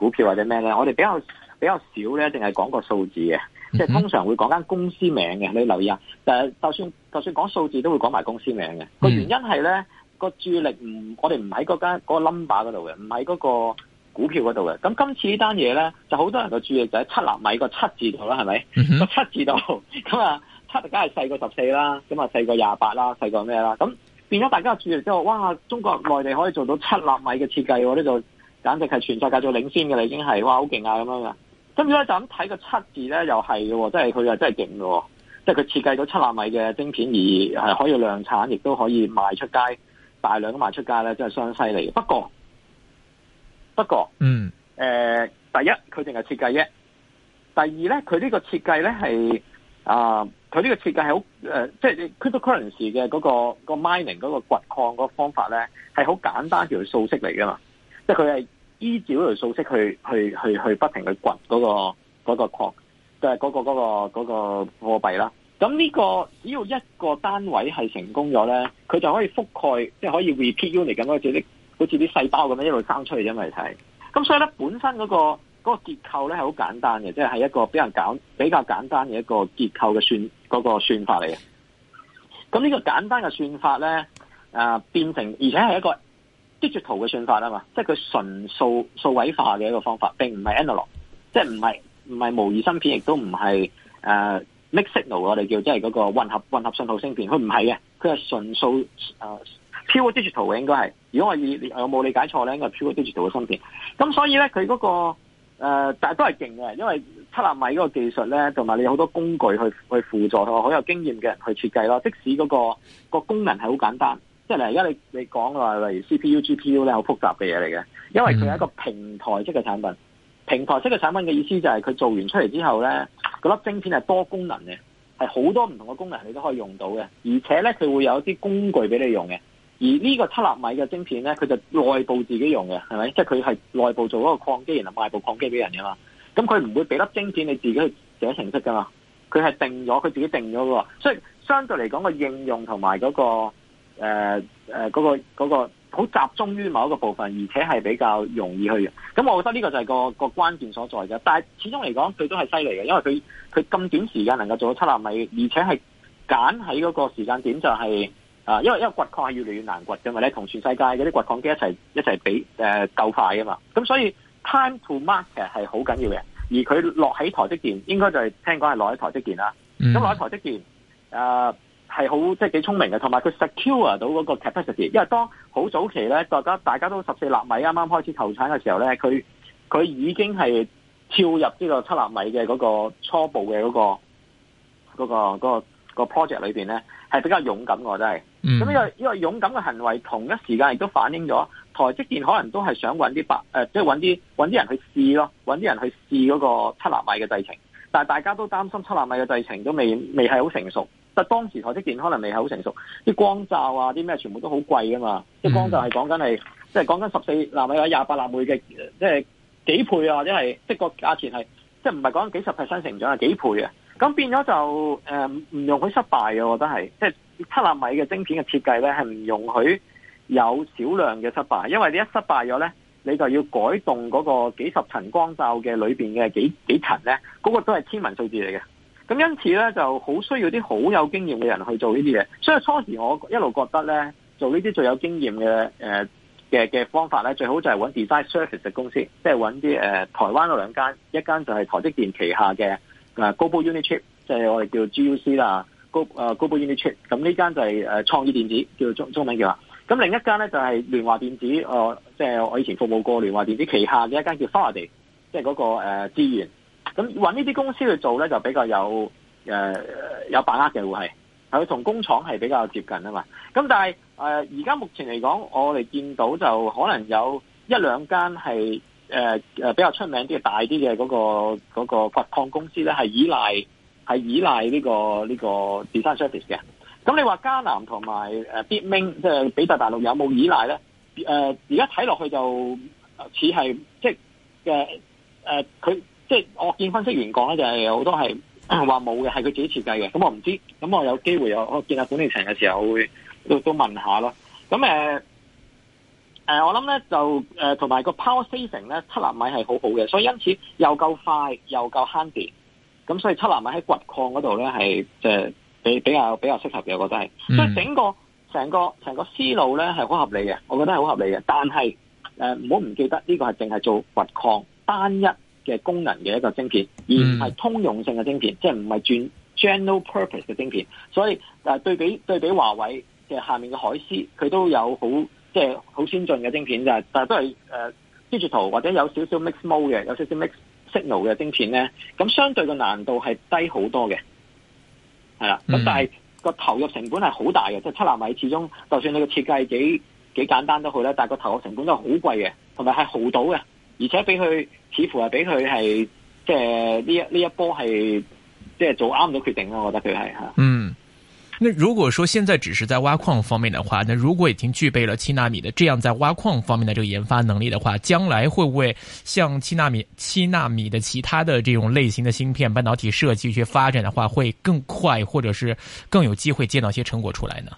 股票或者咩咧？我哋比較比較少咧，淨係講個數字嘅，mm -hmm. 即係通常會講間公司名嘅。你留意啊，但係就算就算講數字都會講埋公司名嘅。個、mm -hmm. 原因係咧，個注意力唔，我哋唔喺嗰間嗰個 number 嗰度嘅，唔喺嗰個股票嗰度嘅。咁今次呢單嘢咧，就好多人嘅注意力就喺七納米個七字度、mm -hmm. 啦，係咪？個七字度咁啊，七梗係細過十四啦，咁啊細過廿八啦，細過咩啦？咁變咗大家嘅注意力之後，哇！中國內地可以做到七納米嘅設計，呢度。簡直係全世界做領先嘅啦，已經係哇好勁啊咁樣嘅。跟住咧就咁睇個七字咧，又係嘅，即係佢又真係勁喎。即係佢設計咗七納米嘅晶片而係可以量產，亦都可以賣出街大量咁賣出街咧，真係相犀利。不過不過，嗯，誒、呃，第一佢淨係設計啫，第二咧佢呢個設計咧係啊，佢、呃、呢個設計係好誒，即係 cryptocurrency 嗰、嗰個、嗰個 mining 嗰個掘礦嗰個方法咧係好簡單條數式嚟噶嘛。即係佢係依照嗰條數式去去去去不停去掘嗰個嗰個礦，即係嗰個嗰個貨幣啦。咁呢個只要一個單位係成功咗咧，佢就可以覆蓋，即係可以 repeat you 嚟咁樣，即係好似啲細胞咁樣一路生出去。因為係，咁所以咧本身嗰個結構咧係好簡單嘅，即係係一個比較簡比較簡單嘅一個結構嘅算嗰個算法嚟嘅。咁呢個簡單嘅算法咧，呃，變成而且係一個。Digital 嘅算法啊嘛，即係佢純數數位化嘅一個方法，並唔係 analog，即係唔係唔係模擬芯片，亦都唔係誒 mix signal 我哋叫，即係嗰個混合混合信號芯片，佢唔係嘅，佢係純數誒、uh, pure digital 嘅應該係，如果我，以我有冇理解錯咧，應該係 pure digital 嘅芯片。咁所以咧，佢嗰、嗰個、呃、但係都係勁嘅，因為七納米嗰個技術咧，同埋你有好多工具去去輔助，好有，有經驗嘅人去設計咯。即使嗰、嗰個、嗰個功能係好簡單。即係而家你你講話，例如 C P U、G P U 咧，好複雜嘅嘢嚟嘅，因為佢係一個平台式嘅產品。平台式嘅產品嘅意思就係佢做完出嚟之後咧，嗰粒晶片係多功能嘅，係好多唔同嘅功能你都可以用到嘅。而且咧，佢會有啲工具俾你用嘅。而呢個七納米嘅晶片咧，佢就內部自己用嘅，係咪？即係佢係內部做一個礦機，然後賣部礦機俾人噶嘛。咁佢唔會俾粒晶片你自己去寫程式噶嘛。佢係定咗，佢自己定咗個喎。所以相對嚟講個應用同埋嗰個。誒、呃、誒，嗰、呃那個嗰、那個好集中於某一個部分，而且係比較容易去嘅。咁我覺得呢個就係個個關鍵所在嘅。但係始終嚟講，佢都係犀利嘅，因為佢佢咁短時間能夠做到七納米，而且係揀喺嗰個時間點就係、是、啊、呃，因為因為掘礦係越嚟越難掘，嘅嘛咧同全世界嘅啲掘礦機一齊一齊比誒夠快啊嘛。咁所以 time to market 係好緊要嘅，而佢落喺台積電，應該就係聽講係落喺台積電啦。咁、嗯、落喺台積電誒。呃係好即係幾聰明嘅，同埋佢 secure 到嗰個 capacity。因為當好早期咧，大家大家都十四納米啱啱開始投產嘅時候咧，佢佢已經係跳入呢個七納米嘅嗰個初步嘅嗰個嗰個嗰個嗰個 project 裏邊咧，係比較勇敢嘅，真係。咁、mm. 因為因為勇敢嘅行為，同一時間亦都反映咗台積電可能都係想搵啲白誒，即係搵啲搵啲人去試咯，搵啲人去試嗰個七納米嘅製程。但大家都擔心七納米嘅製程都未未係好成熟。當時台積電可能未係好成熟，啲光罩啊，啲咩全部都好貴嘅嘛。即、嗯、光罩係講緊係，即係講緊十四納米，納米、就是、或者廿八納米嘅，即、就、係、是就是、幾，幾倍啊或者係即個價錢係，即係唔係講緊幾十 percent 成長係幾倍啊？咁變咗就誒唔容許失敗嘅，我覺得係，即係七納米嘅晶片嘅設計咧係唔容許有少量嘅失敗，因為你一失敗咗咧，你就要改動嗰個幾十層光罩嘅裏邊嘅幾幾層咧，嗰、那個都係天文數字嚟嘅。咁因此咧，就好需要啲好有經驗嘅人去做呢啲嘢。所以初時我一路覺得咧，做呢啲最有經驗嘅誒嘅嘅方法咧，最好就係揾 design service 嘅公司，即係揾啲誒台灣嗰兩間，一間就係台積電旗下嘅、呃、Global Unit Chip，即係我哋叫 GUC 啦、呃、，Global Unit Chip、就是。咁呢間就係創意電子，叫中中文叫咁，另一間咧就係、是、聯華電子，即、呃、係、就是、我以前服務過聯華電子旗下嘅一間叫 Faraday，即係嗰、那個誒、呃、資源。咁揾呢啲公司去做咧，就比較有誒、呃、有把握嘅會係，係佢同工廠係比較接近啊嘛。咁但係誒而家目前嚟講，我哋見到就可能有一兩間係誒比較出名啲、大啲嘅嗰個嗰個掘礦公司咧，係依賴係依賴呢個呢個 design service 嘅。咁你話迦南同埋 Bitmain 即係比特大陸有冇依賴咧？誒而家睇落去就、呃、似係即係嘅佢。呃呃即係我見分析員講咧，就係好多係話冇嘅，係佢自己設計嘅。咁我唔知，咁我有機會有我見下管理層嘅時候，我會都都問下咯。咁誒誒，我諗咧就誒同埋個 power steering 咧七納米係好好嘅，所以因此又夠快又夠慳電，咁所以七納米喺掘礦嗰度咧係即比比較比較適合嘅，我覺得係、嗯。所以整個成個成個思路咧係好合理嘅，我覺得係好合理嘅。但係誒唔好唔記得呢、呢個係淨係做掘礦單一。嘅功能嘅一個晶片，而唔係通用性嘅晶片，即係唔係轉 general purpose 嘅晶片。所以，誒、呃、對比對比華為嘅下面嘅海思，佢都有好即係好先進嘅晶片咋，但係都係誒、呃、digital 或者有少少 mix mode 嘅，有少少 mix signal 嘅晶片咧。咁相對嘅難度係低好多嘅，係啦。咁、嗯、但係、這個投入成本係好大嘅，即係七納米始終，就算你嘅設計幾幾簡單都好咧，但係個投入成本都係好貴嘅，同埋係耗到嘅。而且俾佢似乎係俾佢係即係呢一呢一波係即係做啱咗決定咯，我覺得佢係吓。嗯，那如果說現在只是在挖礦方面的話，那如果已經具備了七納米的這樣在挖礦方面的這個研發能力的話，將來會唔會像七納米七納米的其他的這種類型的芯片半導體設計去發展的話，會更快，或者是更有機會見到一些成果出來呢？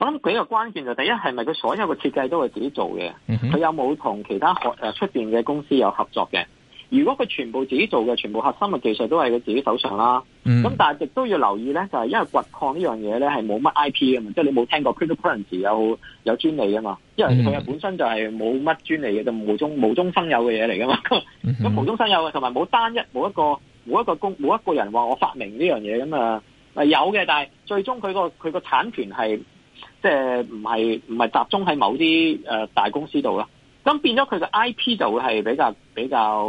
咁比個關鍵就第一係咪佢所有嘅設計都係自己做嘅？佢、mm -hmm. 有冇同其他學誒出、呃、面嘅公司有合作嘅？如果佢全部自己做嘅，全部核心嘅技術都係佢自己手上啦。咁、mm -hmm. 但係亦都要留意咧，就係、是、因為掘礦呢樣嘢咧係冇乜 IP 嘅嘛，即、就、係、是、你冇聽過 Cryptocurrency 有有，有專利嘅嘛？因為佢本身就係冇乜專利嘅，就冇中無中生有嘅嘢嚟嘅嘛。咁、mm、冇 -hmm. 中生有嘅，同埋冇單一冇一個冇一個公冇一，個一個人話我發明呢樣嘢咁啊？有嘅，但係最終佢佢個產權係。即係唔係唔係集中喺某啲誒、呃、大公司度啦，咁變咗佢嘅 I P 就會係比較比較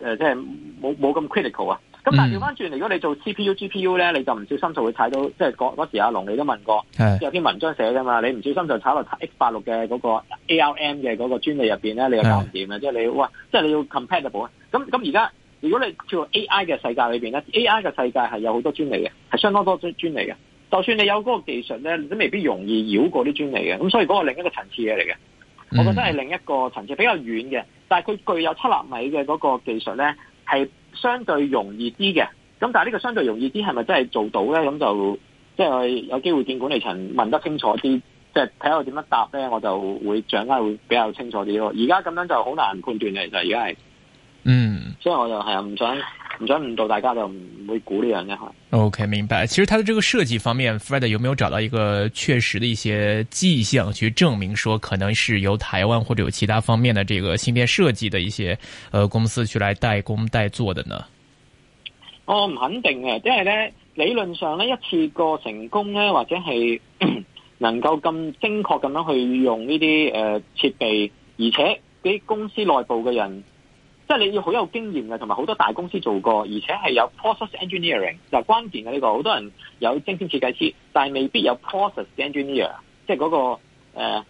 誒、呃，即係冇冇咁 critical 啊。咁、嗯、但係調翻轉嚟，如果你做 C P U G P U 咧，你就唔小心就會踩到，即係嗰嗰時阿龍你都問過，有篇文章寫噶嘛，你唔小心就踩落 X 八六，嘅嗰個 A R M 嘅嗰個專利入邊咧，你又搞唔掂嘅，即係你哇，即係你要 compatible 啊。咁咁而家如果你跳到 A I 嘅世界裏邊咧，A I 嘅世界係有好多專利嘅，係相當多專專利嘅。就算你有嗰個技術咧，你都未必容易繞過啲專利嘅，咁所以嗰個另一個層次嘢嚟嘅，mm -hmm. 我覺得係另一個層次比較遠嘅，但係佢具有七納米嘅嗰個技術咧，係相對容易啲嘅。咁但係呢個相對容易啲係咪真係做到咧？咁就即係、就是、有機會見管理層問得清楚啲，即係睇下我點樣答咧，我就會掌握會比較清楚啲咯。而家咁樣就好難判斷嘅，其實而家係，嗯、mm -hmm.，所以我就係啊，唔想。唔想誤導大家，就唔會估呢人嘢。吓。O K，明白。其實它的這個設計方面 ，Fred 有沒有找到一個確實的一些跡象去證明，說可能是由台灣或者有其他方面的這個芯片設計的一些，呃，公司去來代工代做的呢？我唔肯定嘅，即為咧理論上咧一次個成功咧，或者係能夠咁精確咁樣去用呢啲誒設備，而且啲公司內部嘅人。即係你要好有經驗嘅，同埋好多大公司做過，而且係有 process engineering 就關鍵嘅呢個。好多人有精尖設計師，但係未必有 process engineer，即係嗰個製、呃、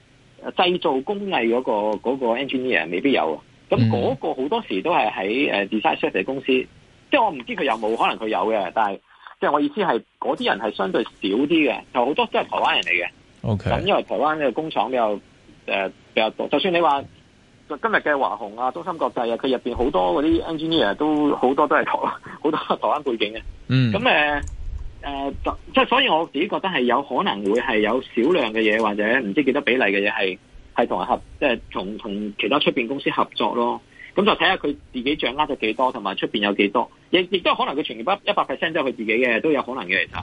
製造工藝嗰個嗰個、engineer 未必有。咁嗰個好多時都係喺 design setter 公司，即係我唔知佢有冇可能佢有嘅，但係即係我意思係嗰啲人係相對少啲嘅，就好多時都係台灣人嚟嘅。OK，咁因為台灣呢個工廠比較誒、呃、比較多，就算你話。今日嘅華虹啊、中芯國際啊，佢入邊好多嗰啲 engineer 都好多都係台，好多係台灣背景嘅。咁誒誒，即係、呃呃、所以我自己覺得係有可能會係有少量嘅嘢，或者唔知幾多比例嘅嘢係係同人合，即係同同其他出邊公司合作咯。咁就睇下佢自己掌握咗幾多，同埋出邊有幾多。亦亦都可能佢全年一百 percent 都係佢自己嘅，都有可能嘅其實。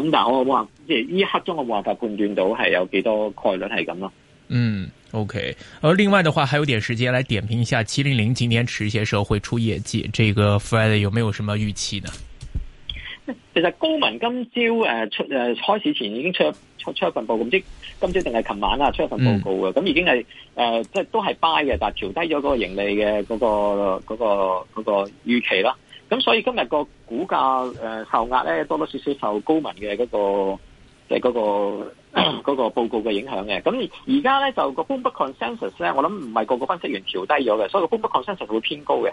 咁但係我冇話，即係呢一刻中嘅冇法判斷到係有幾多概率係咁咯。嗯，OK。而另外的話，還有點時間來點評一下七零零今年遲些時候會出業績，這個 Friday 有沒有什麼預期呢？其實高文今朝誒、呃、出誒、呃、開始前已經出出一份報告，唔知今朝定係琴晚啦出一份報告嘅，咁、嗯、已經係誒即係都係 buy 嘅，但係調低咗個盈利嘅嗰個嗰個嗰個預期啦。咁所以今日個股價誒受壓咧，多多少少受高文嘅嗰個即係嗰個。就是那個嗰、嗯嗯嗰個報告嘅影響嘅，咁而而家咧就個 Bloomberg consensus 咧，我諗唔係個個分析員調低咗嘅，所以個 Bloomberg consensus 會偏高嘅，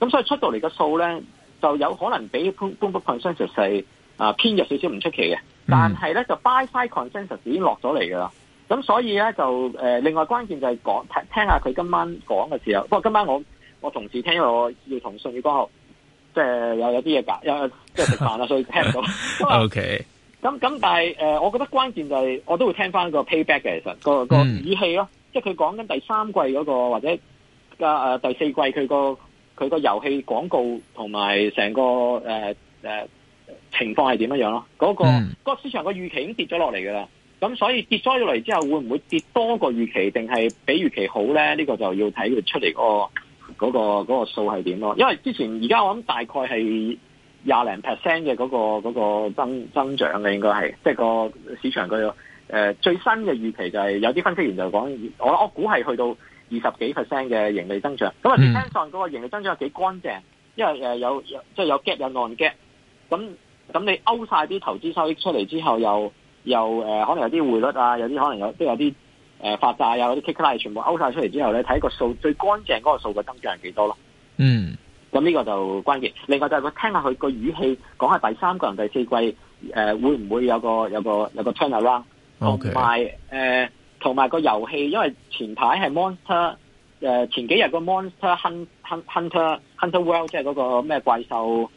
咁所以出到嚟嘅數咧就有可能比 Bloomberg consensus 係啊、呃、偏弱少少唔出奇嘅，但係咧、嗯、就 buy side consensus 已經落咗嚟噶啦，咁所以咧就誒、呃、另外關鍵就係講聽，聽下佢今晚講嘅時候，不過今晚我我同事聽，因為我要同舜宇光學即係、就是、有有啲嘢㗎，因為即係食飯啦， 所以聽唔到。O K。Okay. 咁咁，但係、呃、我覺得關鍵就係、是、我都會聽翻個 payback 嘅，其實、那個、嗯那個語氣咯，即係佢講緊第三季嗰、那個或者、呃、第四季佢個佢、呃呃啊那個遊戲廣告同埋成個誒情況係點樣囉。咯、嗯？嗰、那個個市場個預期已經跌咗落嚟噶啦，咁所以跌咗落嚟之後，會唔會跌多過預期，定係比預期好咧？呢、這個就要睇佢出嚟嗰、那個嗰、那個數係點咯。因為之前而家我諗大概係。廿零 percent 嘅嗰個、那個增增長嘅，應該係即係個市場佢誒、呃、最新嘅預期就係、是、有啲分析員就講，我我估係去到二十幾 percent 嘅盈利增長。咁啊 depends on 嗰個盈利增長有幾乾淨，因為誒、呃、有、就是、有即係有 get 有 non get。咁咁你勾晒啲投資收益出嚟之後，又又誒、呃、可能有啲匯率啊，有啲可能有都有啲誒發債啊嗰啲 kickline，全部勾晒出嚟之後，你睇個數最乾淨嗰個數嘅增長係幾多咯？嗯。咁、這、呢個就關鍵，另外就係佢聽下佢個語氣，講下第三個人、第四季，誒、呃、會唔會有個有個有個 turn 啦、okay.？同埋誒，同埋個遊戲，因為前排係 monster 誒、呃，前幾日個 monster hunt, hunter hunter world 即係嗰個咩怪獸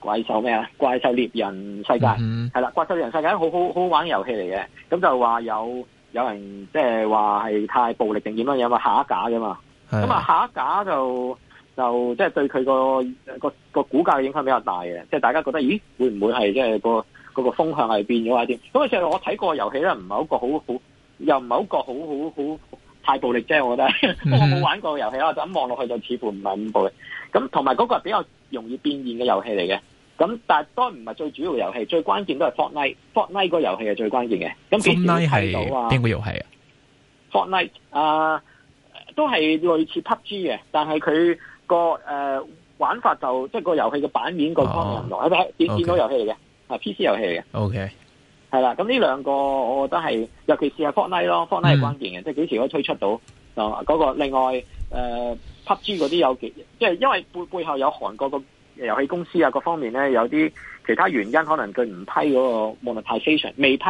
怪獸咩啊？怪獸獵人世界係啦、mm -hmm.，怪獸獵人世界好好好玩遊戲嚟嘅。咁就話有有人即係話係太暴力定點樣有個下一架㗎嘛。咁、yeah. 啊下一架就。就即係對佢個個個股價嘅影響比較大嘅，即係大家覺得咦會唔會係即係個嗰個風向係變咗一啲？咁事實我睇過遊戲咧唔係一個好好又唔係一個好好好太暴力啫，我覺得。嗯、我冇玩過遊戲啦，就咁望落去就似乎唔係咁暴力。咁同埋嗰個係比較容易變現嘅遊戲嚟嘅。咁但係都唔係最主要嘅遊戲，最關鍵都係 Fortnite, Fortnite、啊啊。Fortnite 個遊戲係最關鍵嘅。咁 Fortnite 係邊個遊戲啊？Fortnite 啊，都係類似 PUBG 嘅，但係佢。個誒、呃、玩法就即係個遊戲嘅版面個、oh、方面唔同，咪、oh、點電腦遊戲嚟嘅？係、okay. PC 遊戲嚟嘅。O K. 係啦，咁呢兩個我覺得係，尤其是係 Fortnite 咯，Fortnite 係關鍵嘅，mm. 即係幾時可以推出到就嗰、啊那個。另外誒、呃、PUBG 嗰啲有幾，即係因為背背後有韓國個遊戲公司啊，各方面咧有啲其他原因，可能佢唔批嗰個 monetization 未批，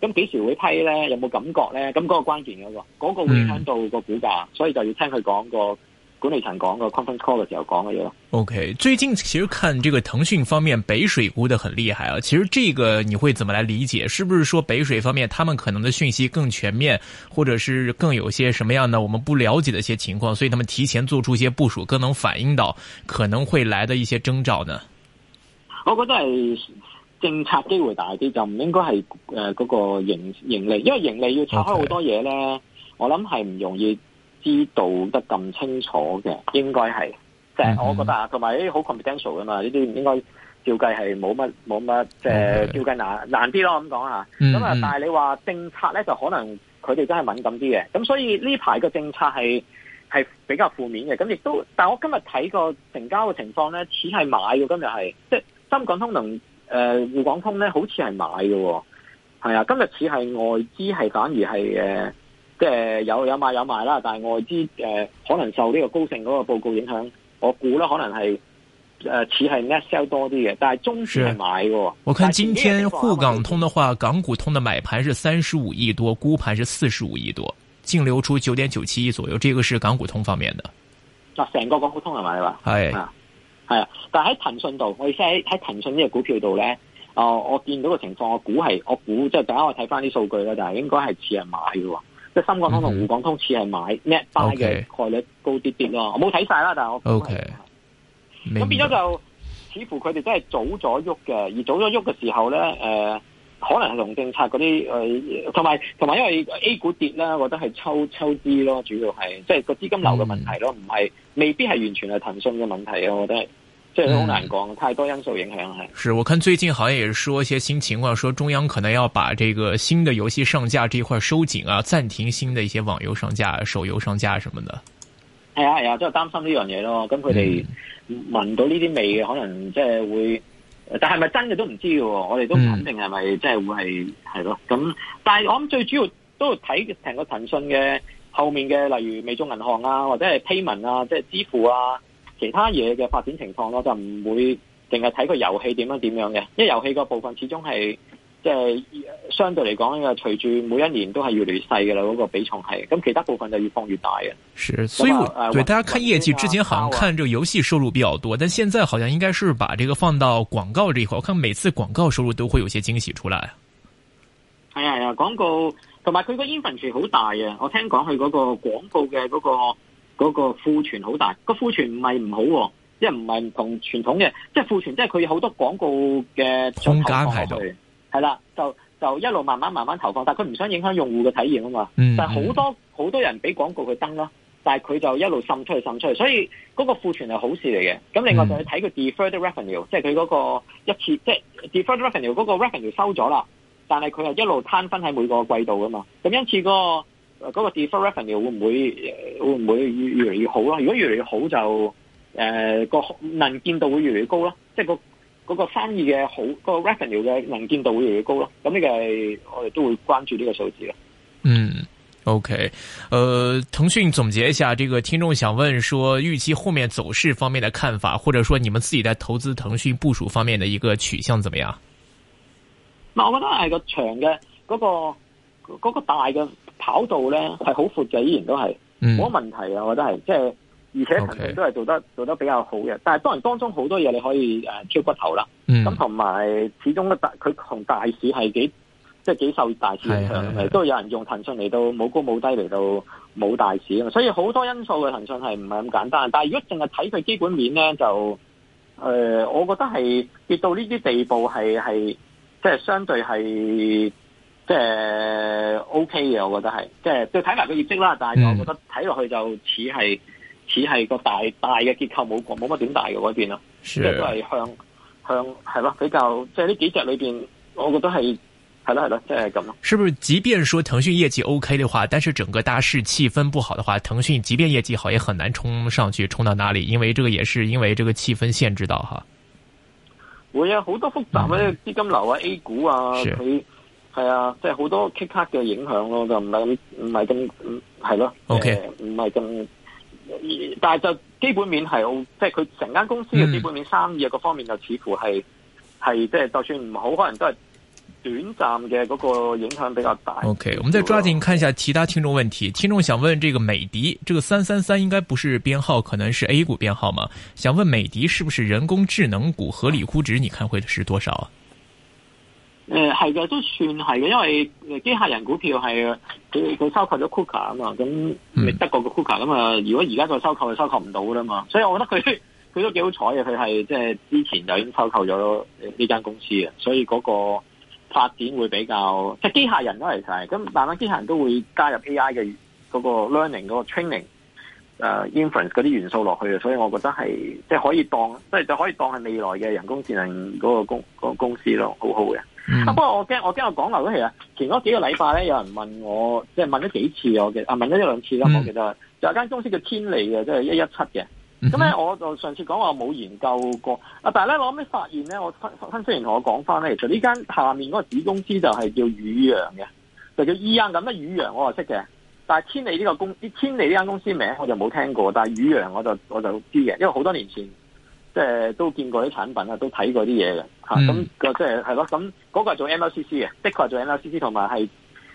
咁幾時會批咧？有冇感覺咧？咁、那、嗰個關鍵嗰個，嗰、那個會影響到個股價，mm. 所以就要聽佢講個管理層講嘅 conference call 嘅時候講嘅嘢咯。OK，最近其實看這個騰訊方面北水估得很厲害啊。其實這個你會怎麼來理解？是不是說北水方面他們可能的訊息更全面，或者是更有些什麼樣的我們不了解的一些情況，所以他們提前做出一些部署，更能反映到可能會來的一些徵兆呢？我覺得係政策機會大啲，就唔應該係誒嗰個盈盈利，因為盈利要拆開好多嘢咧，okay. 我諗係唔容易。知道得咁清楚嘅，應該係，即係我覺得啊，同埋呢啲好 confidential 噶嘛，呢啲應該照計係冇乜冇乜，即係照計難難啲咯，咁講啊。咁啊，mm-hmm.，但係你話政策咧，就可能佢哋真係敏感啲嘅。咁所以呢排個政策係係比較負面嘅。咁亦都，但係我今日睇個成交嘅情況咧，似係買嘅。今日係，即係深港通同誒滬港通咧，好似係買嘅哦。係啊，今日似係外資係反而係即、呃、係有有買有賣啦，但係外資誒可能受呢個高盛嗰個報告影響，我估咧可能係誒、呃、似係 net sell 多啲嘅，但係中線係買嘅。我看今天滬港通的話，港股通的買盤是三十五億多，沽盤是四十五億多，淨流出九點九七億左右。這個是港股通方面的。嗱，成個港股通係咪啊？係係啊，但係喺騰訊度，我意思喺喺騰訊呢個股票度咧，哦、呃，我見到個情況，我估係，我估即係，等我睇翻啲數據啦，但係、是、應該係似係買嘅。即係深港通同滬港通似係買 net buy 嘅概率高啲啲咯，okay. 我冇睇晒啦，但係我咁、okay. 變咗就似乎佢哋真係早咗喐嘅，而早咗喐嘅時候咧、呃，可能係同政策嗰啲同埋同埋因為 A 股跌咧，我覺得係抽抽資咯，主要係即係個資金流嘅問題咯，唔、嗯、係未必係完全係騰訊嘅問題啊，我覺得係。即係好難講，太多因素影響係。是我看最近好像也是說一些新情況，說中央可能要把這個新的遊戲上架這一塊收緊啊，暫停新的一些網遊上架、手遊上架什麼的。係啊係啊，即係擔心呢樣嘢咯。咁佢哋聞到呢啲味可能即係會，但係咪真嘅都唔知嘅。我哋都肯定係咪即係會係係咯。咁、嗯、但係我諗最主要都睇成個騰訊嘅後面嘅，例如微眾銀行啊，或者係 payment 啊，即係支付啊。其他嘢嘅發展情況咯，就唔會淨係睇個遊戲點樣點樣嘅，因為遊戲個部分始終係即係相對嚟講，呢個隨住每一年都係越嚟越細噶啦，嗰、嗰個比重係，咁其他部分就越放越大嘅。是，所以我、啊、對大家看業績之前，好像看這遊遊戲收入比較多，啊啊，但現在好像應該是把這個放到廣告這塊，我看每次廣告收入都會有些驚喜出來。係係啊，廣告同埋佢個 inventory 好大啊！我聽講佢嗰個廣告嘅嗰、嗰個。嗰、那個庫存好大，那個庫存唔係唔好、啊，即係唔係唔同傳統嘅，即係庫存，即係佢有好多廣告嘅空間喺度，係啦，就就一路慢慢慢慢投放，但係佢唔想影響用戶嘅體驗啊嘛，嗯、但係好多好、嗯、多人俾廣告佢登咯，但係佢就一路滲出嚟滲出嚟，所以嗰個庫存係好事嚟嘅。咁另外就要睇佢 deferred revenue，、嗯、即係佢嗰個一次即係、就是、deferred revenue 嗰個 revenue 收咗啦，但係佢又一路攤分喺每個季度啊嘛，咁因此個。嗰、那個 deferred revenue 會唔會會唔會越越嚟越好啦？如果越嚟越好就誒個、呃、能見度會越嚟越高啦，即係、那個、那個生意嘅好，那個 revenue 嘅能見度會越嚟越高咯。咁呢個係我哋都會關注呢個數字嘅。嗯，OK，誒、呃，騰訊總結一下，這個聽眾想問說，預期後面走勢方面的看法，或者說你們自己在投資騰訊部署方面的一個取向怎麼樣？嗱、嗯，我覺得係個長嘅嗰、那個、那個那個大嘅。跑道咧，係好闊嘅，依然都係冇乜問題啊！我覺得係即係，而且騰訊都係做得、okay. 做得比較好嘅。但係當然當中好多嘢，你可以誒挑、啊、骨頭啦。咁同埋始終大佢同大市係幾即係幾受大市影響嘅，都有人用騰訊嚟到冇高冇低嚟到冇大市，所以好多因素嘅騰訊係唔係咁簡單。但係如果淨係睇佢基本面咧，就誒、呃，我覺得係跌到呢啲地步係係即係相對係。即係 OK 嘅，我覺得係，即係對睇埋個業績啦。但係我覺得睇落去就似係似係個大大嘅結構冇冇乜點大嘅嗰邊咯，即係都係向向係咯，比較即係呢幾隻裏邊，我覺得係係咯係咯，即係咁咯。係咪？就是、是是即便說騰訊業績 OK 嘅話，但是整個大市氣氛不好的話，騰訊即便業績好，也很難衝上去，衝到哪裏？因為這個也是因為這個氣氛限制到哈。會有好多複雜嘅資、嗯、金流啊，A 股啊，佢。係啊，即係好多 kick out 嘅影響咯，就唔係咁，唔係咁，係、嗯、咯。O K，唔係咁，但係就基本面係好，即係佢成間公司嘅基本面生意啊，各方面就似乎係係、嗯、即係，就算唔好，可能都係短暫嘅嗰個影響比較大。O、okay. K，我們再抓緊看一下其他聽眾問題。聽眾想問這個美的，這個三三三應該不是編號，可能是 A 股編號嘛？想問美的是不是人工智能股？合理估值，你看會是多少？誒、嗯，係嘅，都算係嘅，因為機械人股票係佢佢收購咗 Kuka 啊嘛，咁德國嘅 Kuka 咁啊，如果而家再收購，就收購唔到啦嘛。所以我覺得佢佢都幾好彩嘅，佢係即係之前，就已經收購咗呢間公司嘅，所以嗰個發展會比較即係機械人都嚟晒，咁慢慢機械人都會加入 A I 嘅嗰個 learning、嗰個 training、uh,、誒 inference 嗰啲元素落去啊，所以我覺得係即係可以當，即係就、可以當係未來嘅人工智能嗰個公、嗰個公司咯，好好嘅。Mm -hmm. 啊！不過我驚，我驚我講漏咗，其實前嗰幾個禮拜咧，有人問我，即係問咗幾次我記得，啊問咗一兩次啦，我記得。啊一記得 mm -hmm. 就有間公司叫天利嘅，即係一一七嘅。咁咧，mm -hmm. 那我就上次講話冇研究過。啊，但係咧，我啱啱發現咧，我分析員同我講翻咧，其實呢間下面嗰個子公司就係叫宇陽嘅，就叫依欣咁。咩宇陽我就識嘅，但係天利呢個公，天利呢間公司名字我就冇聽過，但係宇陽我就我就知嘅，因為好多年前。即係都見過啲產品啦，都睇過啲嘢嘅吓。咁個即係係咯，咁嗰個係做 M L C C 嘅，的確係做 M L C C 同埋係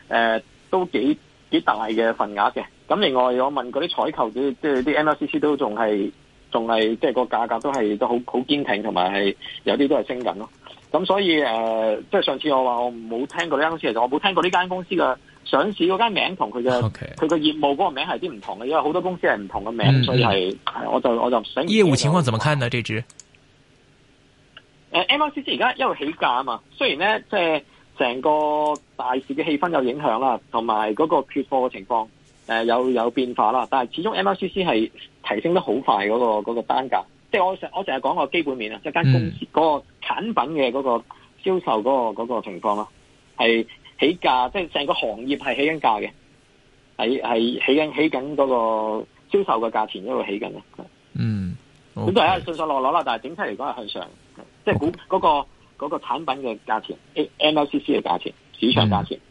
誒都幾幾大嘅份額嘅。咁另外我問嗰啲採購者，即係啲 M L C C 都仲係仲係即係個價格都係都好好堅挺，同埋係有啲都係升緊咯。咁所以誒，即係上次我話我冇聽過呢間公司，其實我冇聽過呢間公司嘅。上市嗰間名同佢嘅佢嘅業務嗰個名係啲唔同嘅，因為好多公司係唔同嘅名、嗯嗯，所以係，我就我就想。業務情況怎麼看呢？這、呃、支誒，MLCC 而家一路起價啊嘛。雖然咧，即係成個大市嘅氣氛有影響啦，同埋嗰個缺貨嘅情況誒、呃、有有變化啦，但係始終 MLCC 係提升得好快嗰、那個嗰、那個單價。即係我成我成日講個基本面啊，即係間公司個產品嘅嗰個銷售嗰、那個、嗯那個情況啦，係。起價，即係成個行業係起緊價嘅，係係起緊起緊嗰個銷售嘅價錢一路起緊嗯，咁都係順順利落啦，但係整體嚟講係向上，即係估嗰個、okay. 那個那個產品嘅價錢 MLCC 嘅價錢，市場價錢。嗯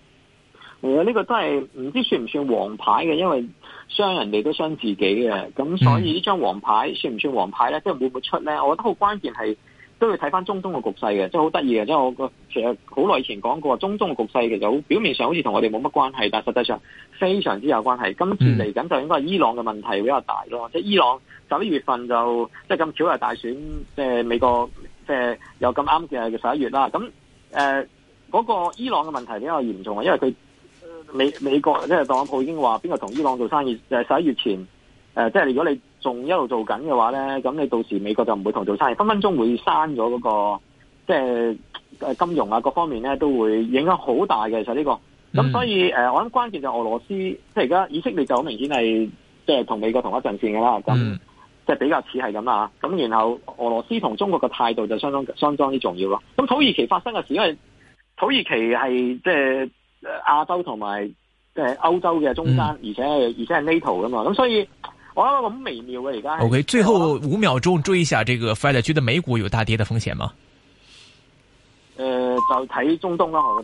呢、這個都係唔知算唔算黃牌嘅，因為傷人哋都傷自己嘅，咁所以呢張黃牌算唔算黃牌呢？即係會唔會出呢？我覺得好關鍵係都要睇翻中東嘅局勢嘅，即係好得意嘅。即係我個其實好耐以前講過，中東嘅局勢其實好表面上好似同我哋冇乜關係，但係實際上非常之有關係。今次嚟緊就應該係伊朗嘅問題比較大咯。即係伊朗十一月份就即係咁巧又大選，即、呃、係美國即係、呃、又咁啱嘅十一月啦。咁誒嗰個伊朗嘅問題比較嚴重啊，因為佢。美美國即係特朗普已經話邊個同伊朗做生意，就係十一月前，誒、呃，即係如果你仲一路做緊嘅話咧，咁你到時美國就唔會同做生意，分分鐘會刪咗嗰個，即係誒金融啊各方面咧都會影響好大嘅。其實呢個，咁所以誒、嗯呃，我諗關鍵就俄羅斯，即係而家以色列就好明顯係即係同美國同一陣線噶啦，咁、嗯、即係比較似係咁啦。咁然後俄羅斯同中國嘅態度就相當相當之重要咯。咁土耳其發生嘅事，因為土耳其係即係。亞洲同埋即係歐洲嘅中間、嗯，而且係而且係 NATO 噶嘛，咁所以我覺得咁微妙嘅而家。O.K. 最後五秒鐘，追一下，這個 Friday 嘅美股有大跌嘅風險嗎？誒、呃，就睇中東啦、啊，我覺得。